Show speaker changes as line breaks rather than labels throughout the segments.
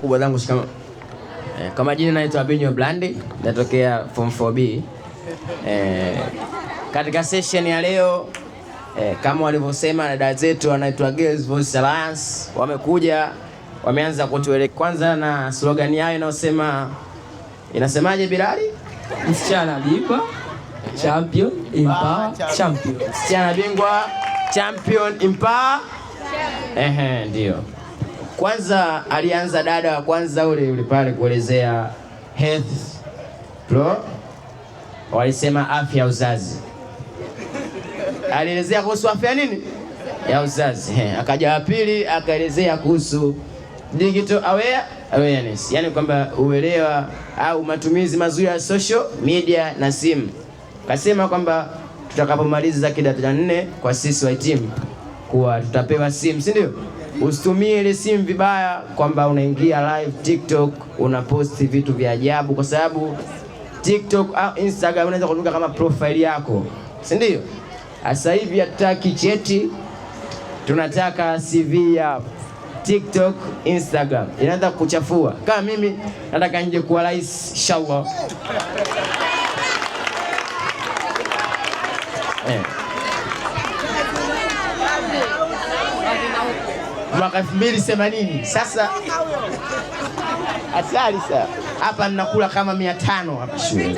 kubwa zangu shikama. Eh, kama jina naitwa Binyo Blandi, natokea form 4B. Eh, katika session ya leo eh, kama walivyosema dada zetu wanaitwa Girls Voice Alliance wamekuja wameanza kutuelekeza kwanza na slogan yao inayosema inasemaje Bilali?
Msichana bingwa champion impa champion.
Msichana bingwa champion impa. Ehe, ndio. Kwanza alianza dada wa kwanza ule yule pale kuelezea health pro, walisema afya uzazi, alielezea kuhusu afya nini ya uzazi. Akaja wa pili akaelezea kuhusu digital aware awareness, yani kwamba uelewa au matumizi mazuri ya social media na simu. Kasema kwamba tutakapomaliza kidato cha nne kwa sisi wa kuwa tutapewa simu, si ndio? Usitumie ile simu vibaya, kwamba unaingia live TikTok unaposti vitu vya ajabu, kwa sababu TikTok au ah, Instagram unaweza kutumika kama profile yako, si ndio? Ah, sasa hivi hatutaki cheti, tunataka CV ya TikTok, Instagram. Inaanza kuchafua. Kama mimi nataka nje kuwa rais inshallah. Eh. mwaka elfu mbili themanini. Sasa hatari sana hapa, ninakula kama 500 hapa shule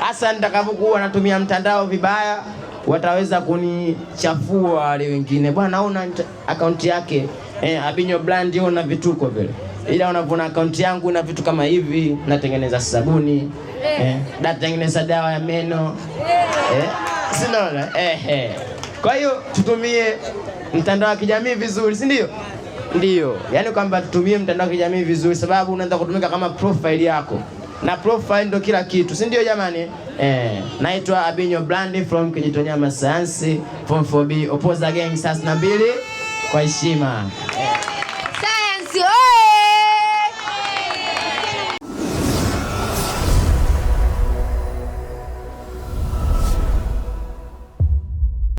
hasa. Nitakapokuwa natumia mtandao vibaya, wataweza kunichafua wale wengine, bwana naona akaunti yake eh, Abinyo Brand na vituko vile ila unavuna akaunti yangu na vitu kama hivi, natengeneza sabuni eh. Eh, natengeneza eh, dawa ya meno eh, eh sinaona eh, eh. Kwa hiyo tutumie mtandao wa kijamii vizuri, si ndio? Ndio, yaani kwamba tutumie mtandao wa kijamii vizuri, sababu unaweza kutumika kama profile yako na profile ndo kila kitu, si ndio jamani? Eh, naitwa Abinyo Brandi from Kijitonyama Sayansi form 4B Opoza Gang, 32 kwa heshima.
Sayansi oye!